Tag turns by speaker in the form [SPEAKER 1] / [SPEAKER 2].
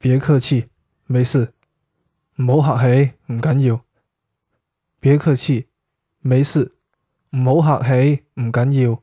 [SPEAKER 1] 別客氣，沒事，唔好客氣，唔緊要。別客氣，沒事，唔好客氣，唔
[SPEAKER 2] 緊要。